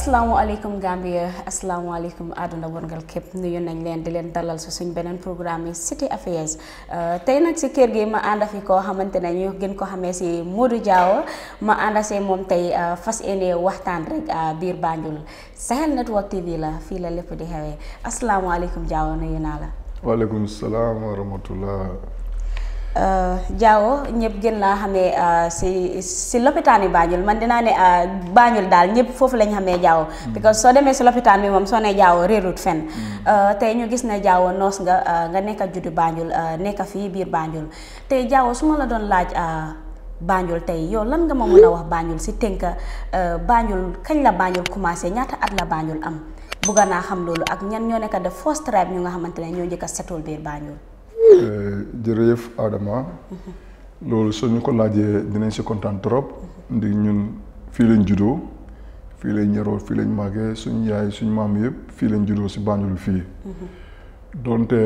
Assalamualaikum Gambia Assalamualaikum àdduna wongal kep nuyu nañ len di len dalal su suñ benen programme City Affairs uh, tay nak ci kër gi ma anda fi ko xamantene ñu gën ko xamé ci Modou diaw ma anda see mom tay uh, fas ene waxtaan rek uh, bir Banjul Sahel Network TV la fi la lepp di assalamu alaikum diaw nuyu na la. alaikum assalam wa rahmatullah. Euh, Diawo ñëpp gën laa xamee euh, si si lopitaan yi Banjul man dinaa ne euh, Banjul daal ñëpp foofu lañ xamee Diawo mm. because soo demee si lopitaan bi moom soo ne Diawo réerut fenn mm. tey ñu gis ne Diawo noos nga nga nekk juddu Banjul nekk fii biir Banjul tey Diawo su ma la doon laaj Banjul tey yow lan nga ma mën a wax baañul si tënk Banjul kañ la Banjul commencé ñaata at la Banjul am bugga naa xam loolu ak ñan ñoo nekk def first tribe ñu nga xamante ne ñoo njëkk a setul biir Banjul Eh, jërëjëf aadama loolu soo ñu ko laajee dinañ si kontaan trop. ndi ñun fii lañ juddoo fii lañ yaroo fii lañ màggee suñu yaay suñu maam yëpp fii lañ juddoo si Banjul fii. donte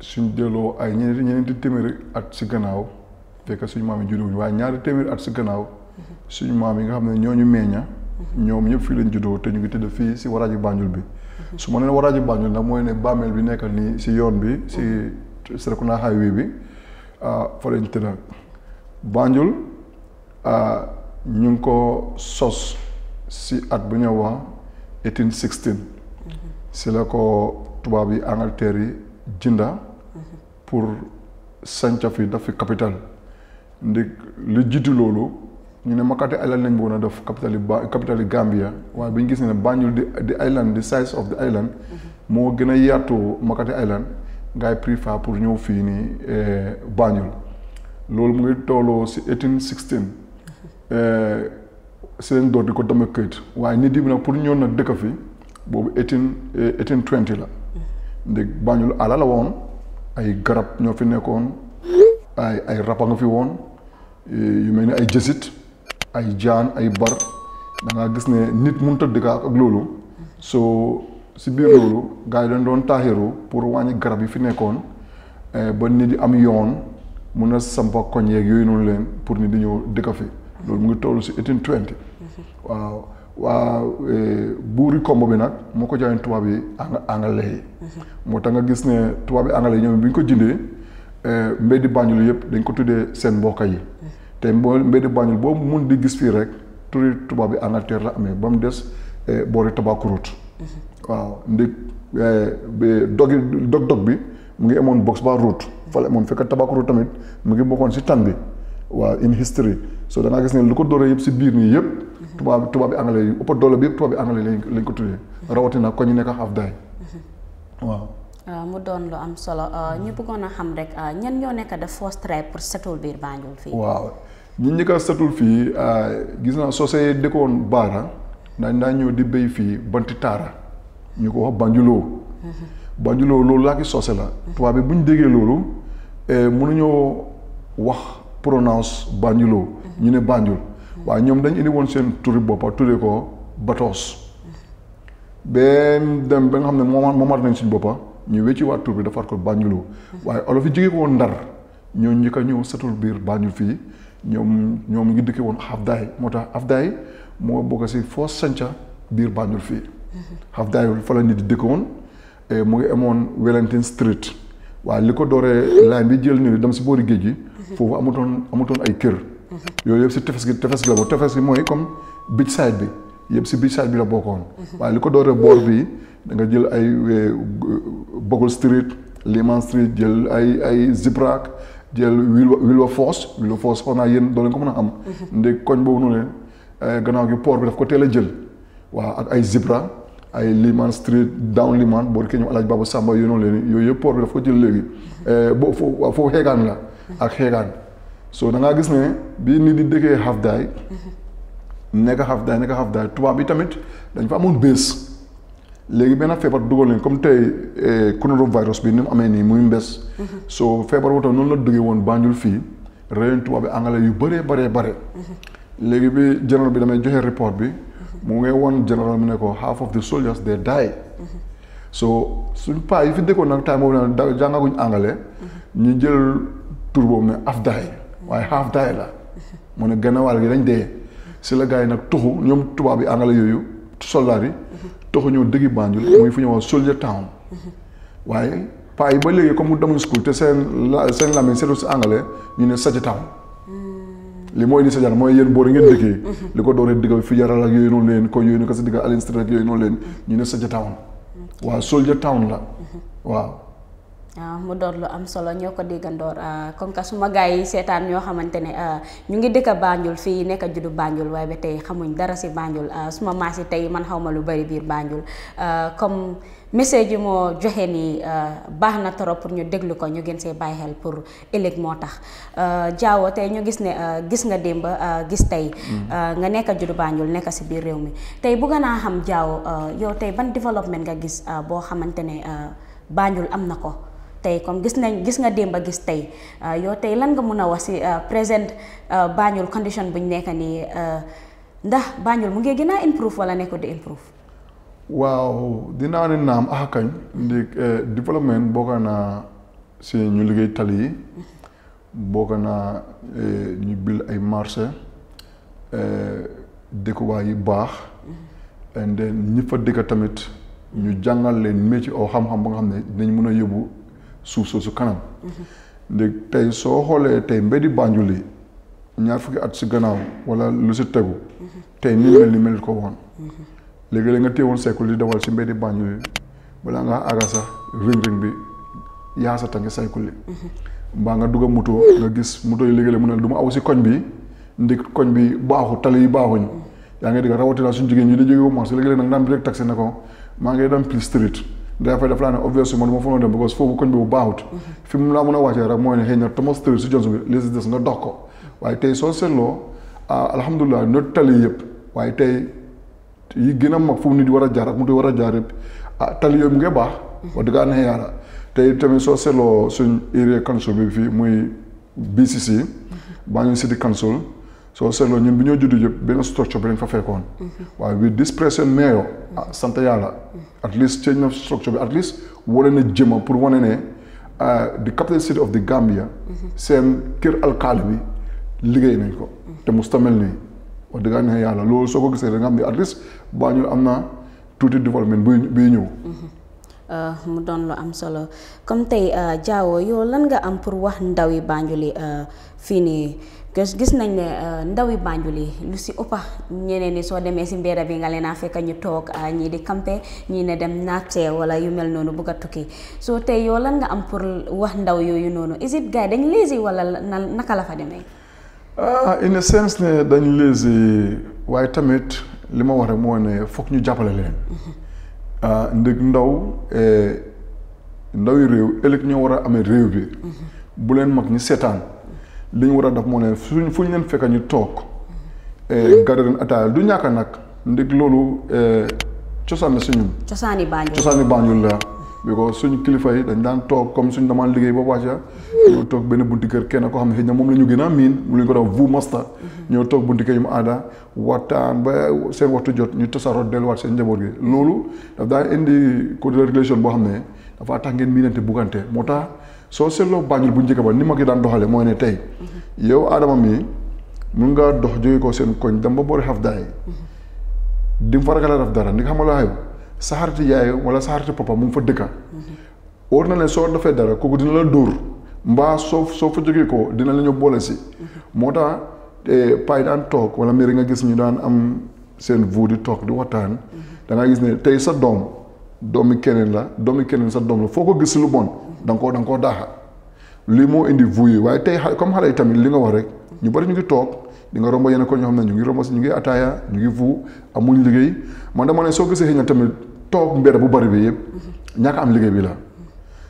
suñ delloo ay ñeenti ñeenti téeméeri si gannaaw fekk suñ maam yi juddoo ñu ñaari téeméeri at si gannaaw. suñu maam yi nga xam ne ñooñu meñña ñoom ñëpp fii lañ juddoo te ñu ngi tëdd fii si waraaji Banjul bi. su ma nee waraaji Banjul nag mooy ne bàmmeel bi nekk nii si yoon bi si. Serekunda highway bi ah, fa lañ tëral Banjul ah, ñu ngi ko sos si at bu ñëw wax eighteen sixteen si la ko tubaab yi Angleterre yi jinda pour sanca fi daf capital ndig lu jiitu loolu ñu ne Makati Island lañ bëggoon a def capital yi ba capital Gambia waaye bi ñu gis ne Banjul di di island di size of the island moo gën a yaatu Makati Island gars yi pour ñëw fii nii eh, Banjul loolu mu ngi tolloo si eighteen sixteen eh, si door di ko dama këyit waaye nit yi nag pour ñëw nag dëkk fi boobu eighteen eh, eighteen twenty la ndég Banjul àll woon ay garab ñoo fi nekkoon ay ay rapa nga fi woon yu mel ni ay jësit ay jaan ay bar da gis ne nit mënut a dëkk ak loolu soo si biir loolu gars yi dañ doon taaxiru pour wàññi garab yi fi nekkoon eh, ba nit yi am yoon mun a samp koñ yeeg yooyu noonu leen pour nit di ñëw dëkk fi loolu mu ngi toll si 1820 waaw waa eh, buuri kombo bi nag moo ko jaayoon tubaab yi anglais yi moo tax nga gis ne tubaab yi anglais yi ñoom bi ñu ko jëndee eh, mbeddi Banjul yëpp dañ ko tuddee seen mbokk yi te mbeddi Banjul boobu mun di gis fii rek turi tubaab yi Angleterre la amee ba mu des boori Tabakurut waaw ndég eh, dogi dog dog bi mu ngi amoon box bar route fale amoon fekk tabakuru tamit mu ngi bokkoon si tan bi waaw in history so da nga gis ne lu ko dooree yëpp si biir nii yëpp mhm. tubaab tubaab bi anglais yi ëpp doole bi yëpp bi anglais lañ lañ ko tuddee mhm. rawatina ko ñu nekk xaaf day mhm. waaw ah, mu doon lu am solo ah, ñu bëggoon a xam rek ah, ñan ñoo nekk de force try pour setul biir Banjul fii waaw ñi ñi ko setul fii gis naa sosé dëkkoon baara naa ñëw di béy fii banti taara ñu ko wax banjuloo banjuloo loolu laa ki soose la tubaab bi bu ñu déggee loolu eh, mënuñoo wax prononce banjuloo ñu ne banjul waaye ñoom dañ indi woon seen turi boppa tudde ko batoos benn dem ba nga xam ne moomaat nañ suñ boppa ñu wecci waat tur bi defar ko banjuloo waaye olof yi jóge ko woon ndar ñoo njëkka a ñëw setul biir banjul fii ñoom ñoom ngi dëkke woon xafdaay moo tax xafdaay moo bokk si foo sanca biir banjul fii xaf daayul fa la nit di dëkkoon eh, mu ngi amoon Wellington Street waaye li ko dooree line bi jël nii dem si boori géej gi foofu amutoon amutoon ay kër yooyu yëpp si tefes gi tefes gi tefes gi mooy comme beach side bi yëpp si beach side bi la bokkoon waaye li ko dooree boor bi da nga jël ay Bogle Street Lehman Street jël ay ay Ziprak jël Wilberforce Wilberforce xaw naa yéen doo leen ko mën a am. ndeg koñ boobu noonu eh, gannaaw gi port bi daf ko teel a jël waa ak ay Zipra ay Liman Street down Liman boo dikkee ñoom El Hadj Baba Samba yooyu noonu leen yooyu yëpp port bi dafa ko jël léegi eh, boo foofu foofu xeegaan la ak xeegaan so da gis ne bii nit di dëkkee Hafdaay nekk Hafdaay nekk Hafdaay tubaab bi tamit dañ fa amoon bés léegi benn feebar dugal leen comme tey eh, coronavirus bi ni mu amee nii muy mbes so feebar boobu noonu la duggee woon Banjul fii réew tubaab bi anglais yu bëree bëree bare léegi bi général bi damay joxe report bi moo ngay woon général mu ne ko half of the soldiers they die so suñ paa yi fi dëkkoon nag time boobu nag da jàngaguñ angale ñu jël tur boobu ne half die waaye half die la mu ne gannaawal gi dañ dee si la gars yi nag toxu ñoom tubaab yi angale yooyu soldat yi toxu ñëw dëggi Banjul muy fu ñu wax soldier town waaye paa yi ba léegi comme mu demuñ school te seen la seen làmmiñ seetu si angale ñu ne saja town li moo indi sa jaan mooy yéen boor ngeen dëkkee li ko dooree digga Figueral ak yooyu noonu leen ko yooyu ko si digga Allen Street ak yooyu noonu leen ñu ne Soldier Town waaw Soldier Town la mhm. waaw ah, mu door lu am solo ñoo ko déggandoor ah, comme que suma gars yi seetaan ñoo xamante ne ah, ñu ngi dëkk Banjul fii nekk juddu Banjul waaye ba tey xamuñ dara si Banjul suma maas yi tey man xaw ma lu bari biir Banjul comme message yi moo joxe ni euh, baax na trop pour ñu déglu ko ñu gën see bàyyi xel pour ëllëg moo tax Jaawo euh, tey ñu gis ne euh, gis nga démb gis tey mm-hmm. nga nekk juddu Banjul nekk si biir réew mi tey bugg naa xam Jaawo yow tey ban développement nga gis boo xamante ne Banjul am na ko tey comme gis nañ gis nga démb gis tey yow tey lan nga mun a wax si présent Banjul condition bu ñu nekk nii ndax Banjul mu ngi gën a improve wala nekko di improve waaw dinaa ne naam ah kañ ndi eh, développement bokk naa si ñu liggéey tali yi bokk naa eh, ñu bil ay marché eh, dëkkuwaay yu baax and then ñi tamit ñu jàngal leen métier oo xam-xam ba nga xam ne dinañ mën a yóbbu suuf soosu kanam ndi tey soo xoolee tey mbeddi Banjul yi ñaar fukki at si gannaaw walla lu si tegu tey ni mel ni mel ko woon léegi-léeg nga téewoon sekkul di dawal si mbeddi Banjul balaa ngaa àgga sax ring-ring bi yaa sa tànk saykul li mhm. mbaa nga dugg a moto nga gis moto yi léegi-léeg mu ne du ma aw si koñ bi ndi koñ bi baaxu tali yi baaxuñ yaa ngi dégg rawatina suñ jigéen ñi di jóge marché léegi-léeg nag daan bi rek taxi ne ko maa ngi dem plus street day fay daf laa ne obviously du ma fa mën a dem because foofu koñ bi bu baaxut mhm. fi mu laa mën a wàccee rek mooy ne nga dox ko waaye tey soo seetloo ah, alhamdulilah not tali yëpp waaye tey yi gën a mag foofu nit war a jaar ak moto war a jaar yëpp ah tali yooyu mu ngi baax. wax dëgg yàlla yàlla te tamit soo seetloo suñ area council bi fii muy BCC. Banjul City Council soo seetloo ñun bi ñoo juddu yëpp benn structure bi lañ fa fekkoon. waaye with this present mayor ah sant yàlla. at least change na structure bi at least wane na jëma pour wane ne ah, the capital city of the Gambia. seen kër alkaali bi liggéey nañ ko. te mu mel nii. wax dëgg neex yàlla loolu soo ko gisee da nga xam ne at least Banjul am na tuuti développement buy buy ñëw. Mm-hmm. Uh, mu doon lu am solo comme tey uh, Jawo yow lan nga am pour wax ndaw yi Banjul yi uh, fii nii gis nañ ne ndaw yi Banjul yi lu si ëppa ñeneen ni soo demee si mbéera bi nga leen a fekk ñu toog ñii di campé ñii ne dem naatee wala yu mel noonu bugg a tukki soo tey yow lan nga am pour wax ndaw yooyu noonu is it gars dañ lazy wala naka la fa demee. ah in a sense ne dañ lazy waaye tamit li ma wax rek moo ne foog ñu jàppale leen mm-hmm. ah, ndëg ndaw eh, ndawi réew ëllëg ñoo war a amee réew bi mm-hmm. bu leen mag ñi seetaan mm-hmm. li ñu war a def moo ne suñ fu ñu leen fekk ñu toog eh, garde leen ataaya du ñàkk nag ndëg loolu eh, cosaan la si ñun cosaani Banjul la because suñu kilifa yi dañ daan toog comme suñ damaan liggéey ba wàcca ñoo toog benn bunti kër kenn koo xam ne xëy na moom la ñu gën a miin mu lu ñu ko def vu masta ñoo toog bunti kër yu mu aada waxtaan ba seen waxtu jot ñu tasaaroo delluwaat seen njaboot gi loolu daf daan indi code de régulation boo xam ne dafa tax ngeen miinante buggante moo tax soo seetloo Banjul bu njëkk ba ni ma ko daan doxale mooy ne tey mm-hmm. yow aadama mi mun ngaa dox jóge ko seen koñ dem ba boori xaf daay mm-hmm. di fa ragal a def dara ndi nga saxarati yaayam wala saxarati papa mu ngi fa dëkka wóor na ne soo dafay dara kooku dina la dóor mbaa soo soo fa jógee ko dina la ñu boole si moo tax eh, paa yi daan toog wala mairie nga gis ñu daan am seen vuu di toog di waxtaan da gis ne tey sa doom doomi keneen la doomi keneen sa doom la foo ko gis si lu bon da nga da daaxa lii moo indi vuu yi waaye tey comme xale yi tamit li nga wax rek ñu bari ñu ngi toog di nga romb yenn ko ñoo xam ne ñu ngi romb si ñu ngi ataaya ñu ngi amuñ liggéey man dama ne soo gisee tamit toog mbir bu bari bi yëpp ñàkk am liggéey bi la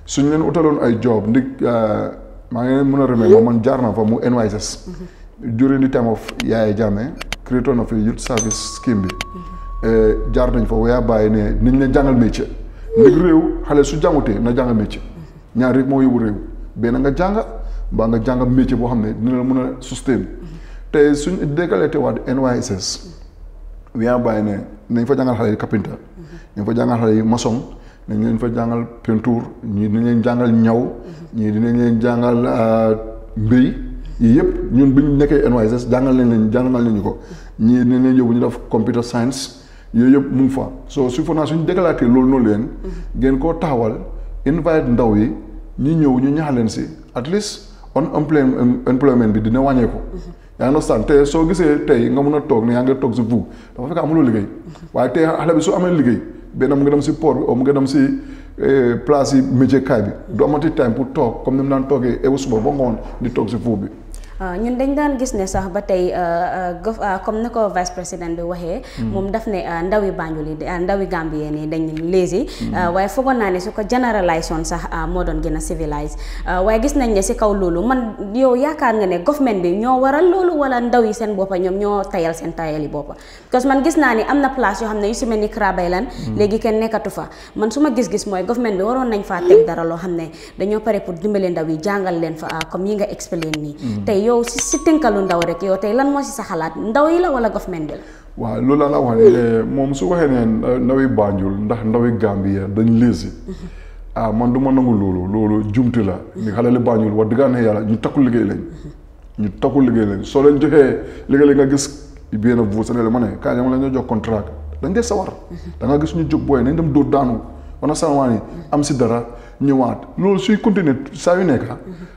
suñ leen utaloon ay job ndig euh, maa ngi leen mën a remercier man jaar na fa mu NYSS during the time of Yaya Jammeh créé na fi youth service scheme bi euh, jaar nañ fa yaa bàyyi ne nañ leen jàngal métier ndig réew su jàngutee na jàngal métier ñaar rek moo yóbbu nga jànga mbaa nga jànga métier boo xam ne dina la mën a sustain te suñ déggalee te waat NYSS wayaa bàyyi nañ fa jàngal xale yi carpenter ñu fa jàngal xale yi maçon dañ leen fa jàngal peinture ñii dañ leen jàngal ñaw ñii dinañ leen jàngal euh, mbéy yii yëpp ñun bi ñu nekkee NYSS jàngal nañ leen jàngal nañu ko ñii dinañ leen yóbbu ñu def computer science yooyu yëpp mu ngi fa soo su fa naa suñu déclaré loolu noonu leen ngeen koo taxawal invite ndaw yi ñu ñëw ñu ñaax leen si at least on unemployment bi dina wàññeeku yaa ngi understand te soo gisee tey nga mun a toog ne yaa ngi toog si vuu dafa fekk amuloo liggéey waaye tey xale bi su amee liggéey benn mu nga dem si port bi mu nga dem si eh, place yi métier kaay bi du amati time pour toog comme na mu daan toogee ewu eh, suba ba ngoon di toog si fuuf bi Euh, ñun dañ daan gis ne sax ba tey euh, euh, gof comme ni ko vice président bi waxee. Hmm. moom daf ne ndawi Banjul yi ndawi Gambie nii dañ lazy hmm. waaye foogoon naa ne su ko généralisation sax moo doon gën a civilise waaye gis nañ ne si kaw loolu man yow yaakaar nga ne government bi ñoo waral loolu wala ndaw yi seen boppa ñoom ñoo tayal seen tayal yi boppa parce man gis naa ni am na place yoo xam ne yu si mel ni Krabeylan hmm. léegi kenn nekkatu fa man su ma gis-gis mooy government bi waroon nañ faa dara loo xam ne dañoo pare pour dimbale ndaw yi jàngal leen fa comme yi nga expliqué nii tey yow si si tënkalu ndaw rek yow tey lan moo si sa xalaat ndaw yi la wala government bi la. waaw loolu laa wax ne moom su waxee ne ndawi Banjul ndax ndawi Gambia dañ léesi mhm. ah man du ma nangu loolu loolu jumti la ni xale li Banjul wax dëgg ne yàlla ñu takku liggéey lañ mhm. ñu takku liggéey lañ soo leen joxee liggéey nga gis bien a vous senel ma ne kaa ñam la jox contrat dañ dee sawar mhm. da nga gis ñu jóg booy nañ dem dóor daanu wana sanawaan yi am si dara ñëwaat loolu suy continuer saa yu nekk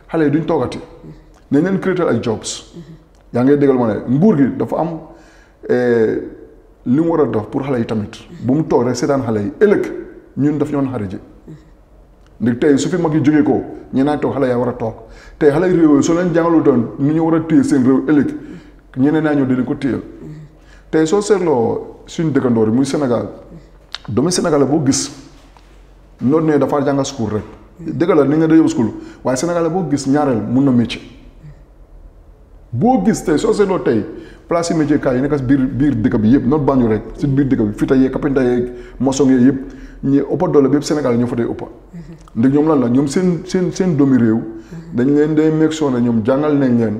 xale yi duñ toogati nañ neen créer ak jobs. yaa ngay déggal ma ne nguur gi dafa am eh, li mu war a def pour xale yi tamit. bu mu toog rek seetaan xale yi ëllëg ñun daf ñoon xarit ji. ndax tey su fi mag yi jógee ko ñu naan toog xale yaa war a toog tey xale yu réew yi soo leen jàngalu doon nu ñu war a téye seen réew ëllëg ñeneen naa ñëw dinañ ko téyel tey soo seetloo suñu dëkkandoor muy Sénégal doomu Sénégal boo gis noonu ne dafa jànga school rek. dëgg ni nga day yóbbu school waaye Sénégal boo gis ñaareel mun na métier. boo gis tey soo seetloo tey place yi métier kaay yi nekk si biir biir dëkk bi yëpp noonu Banjul rek si biir dëkk bi fita yeeg kapinta yeeg maçon yeeg yëpp ñi ëppa doole bi yëpp Sénégal mm-hmm. ñoom lan la ñoom seen seen seen doomi réew mm-hmm. dañ leen day meeg soo ne ñoom jàngal nañ leen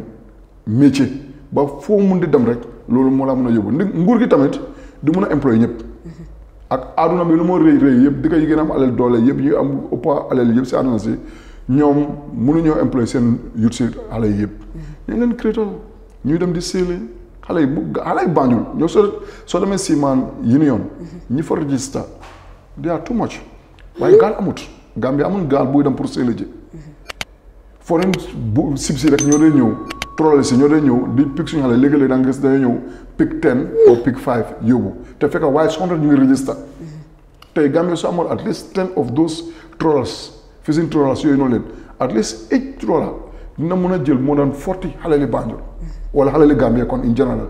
métier ba foo mun di dem rek loolu moo laa mën a yóbbu ndi nguur gi tamit du mën a ñëpp mm-hmm. ak aaduna bi lu moo rëy rëy yëpp dëkk yi gën a am doole yëpp ñu am ëppa alal yëpp si àdduna si ñoom mënuñoo employé seen yut si alal yëpp nañ leen ñuy dem di séelé xale yi bu xale yi Banjul ñoo soo soo demee Simaan Union ñi fa register they are too much waaye gaal amut Gambia amul gaal buy dem pour séelé ji foreign bu sib rek ñoo dee ñëw troll si ñoo dee ñëw di pick suñu da gis dañoo ñëw pick ten ou pick five yóbbu te fekk waaye soxna ñu ngi register tey Gambia su amoon at least ten of those trollers fishing trollers yooyu noonu leen at least eight trollers dina mën a jël moo daan forti xale li Banjul wala xale li Gambie kon in general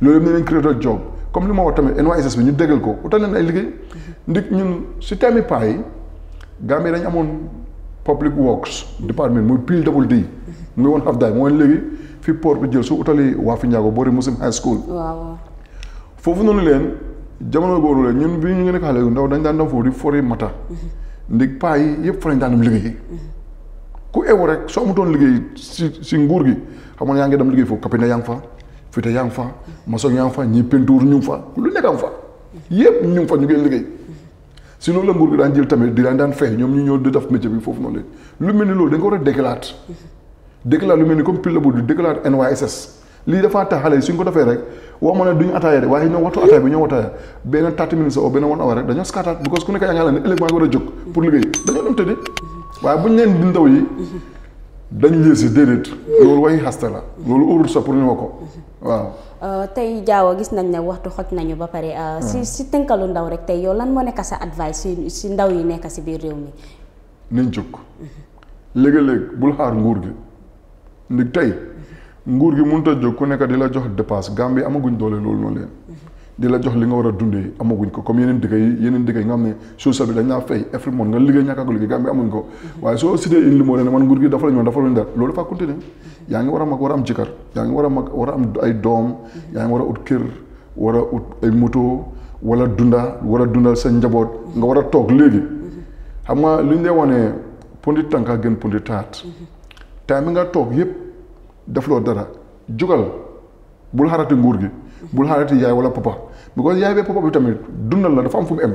loolu yëpp nañ créé job comme li ma wax tamit NYSS bi ñu déggal ko utal leen ay liggéey ndik ñun si teemi paa yi Gambie dañ amoon public works département muy PWD mu ngi woon Hafdaay mooy léegi fi port bi jël su utali waa fi ñaago boori Muslim High School foofu noonu leen jamono boobu leen ñun bi ñu ngi nekk xale yu ndaw dañ daan dem foofu di fori mata yëpp fa lañ ku eewu rek soo amutoon liggéey si si nguur gi xam nga yaa ngi dem liggéey foofu kapinda yaa ngi fa fite yaa ngi fa ñi peinture ñu di la a déclarer di déclarer NYSS lii dafaa ko de waaye o because ku nekk yaa ngi ne ëllëg maa ngi war a jóg pour liggéey dañoo dem tëddee waaye bu ñu leen bindaw yi dañ lii si déedéet loolu way xaste la loolu urul sa pour ñu ko waaw euh, tey jaawa gis nañ ne waxtu xoj nañu ba pare euh, si hmm. si tënkalu ndaw rek tey yow lan moo nekk sa advice si si ndaw yi nekk si biir réew mi niñ jóg léegi-léeg bul xaar nguur gi ndig tey nguur gi mënut a jóg ku nekk di la jox dépasse Gambie amaguñ doole loolu noonu leen di la jox li nga war a dundee amaguñ ko comme yeneen dëkk yi yeneen dëkk yi nga xam ne social bi dañ naa fay every month nga liggéey ñàkk a ko liggéey Gambie amuñ ko waaye soo cité une limo ne man nguur gi dafa la ñu dafa la ñu def loolu dafa continuer yaa ngi war a mag war a am jëkkër yaa ngi war a mag war a am ay doom yaa ngi war a ut kër war a ut ay moto wala dunda war a dundal sa njaboot nga war a toog léegi xam nga li ñu dee wanee pondi tànka gën pondi taat time nga toog yëpp defloo dara jugal bul xarati nguur gi bul xarati yaay wala papa because yaay bee papa bi tamit dundal la dafa am fu mu em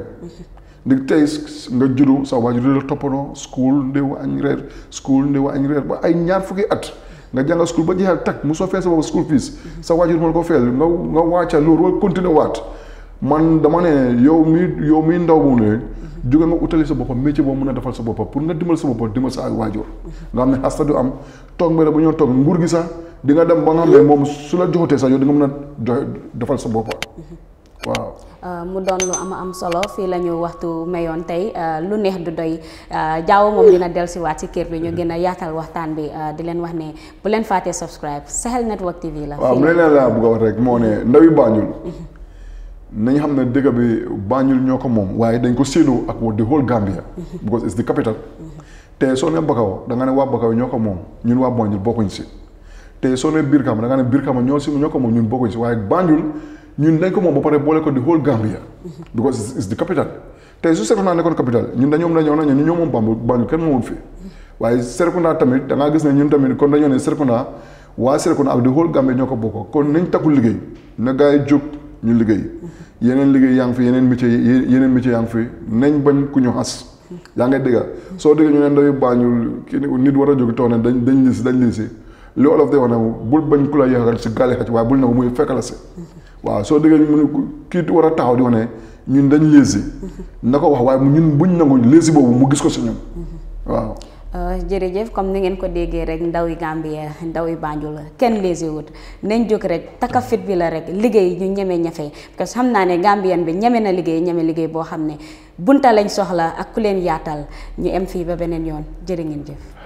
di tey nga juddu sa waajur di la toppandoo school ndewu añ reer school ndewu añ reer ba ay ñaar fukki at nga jànga school ba jeexal tag mu soo fee sa boobu school fees sa waajur mën ko feel nga nga wàcca loolu wala continuer waat man dama ne yow mi yow mi ndaw mu ne jóge nga utali sa boppam métier boo mën a defal sa boppam pour nga dimbal sa boppam dimbal sa ay waajur nga xam ne xasta du am toog mbir bu ñoo toog nguur gi sax di nga dem ba nga xam ne moom su la joxutee sax yow di nga mën a joxe defal sa bopp waaw. Euh, mu doon lu am am solo fii la ñu waxtu mayoon tey euh, lu neex du doy euh, jaaw moom dina dellusiwaat si kër bi ñu gën a yaatal waxtaan bi di leen wax ne bu leen fàttee subscribe Sahel Network TV la. waaw mu ne laa bëgg a wax rek moo ne ndaw yi nañu xam ne dëkk bi Banjul ñoo ko moom waaye dañ ko séddoo ak the whole Gambia. because it's the capital. te soo ne Bakaw da nga ne waa Bakaw ñoo ko moom ñun waa Banjul bokkuñ te soo nee Brikama da ngaa ne Brikama ñoo si ñoo ko moom ñun bokkuñ si waaye Banjul ñun dañ ko moom ba pare boole ko di whole Gambia. because it's the capital. te su Serekunda nekkoon capital ñun dañoo dañoo nañu ñun ñoo moom Banjul Banjul kenn tamit da gis ne ñun tamit kon dañoo ne Serekunda waa Serekunda ak di whole Gambia ñoo ko bokk kon nañ takku liggéey na gars yi jóg ñu liggéey. yeneen liggéey yaa ngi fi yeneen métier yeneen métier yaa ngi nañ bañ ku ñu xas yaa ngay dégg soo déggee ñu ne ndoyu Banjul kii nit war a jóg toog dañ dañ lisi dañ lisi li olof de wax ne bul bañ ku la yaxal si gaali xaj waaye bul ne muy fekk la si waaw soo déggee mu ne kii war a taxaw di ne ñun dañ lési na ko wax waaye ñun buñ boobu mu gis ko si ñun euh, jërëjëf comme ni ngeen ko déggee rek ndaw yi Gambia ndaw yi Banjul kenn léegi wut nañ jóg rek takka fit bi la rek liggéey ñu ñeme ñafee parce xam naa ne Gambian bi ñeme na liggéey ñeme liggéey boo xam ne bunta lañ soxla ak ku leen yaatal ñu em fii ba beneen yoon jërë ngeen jëf.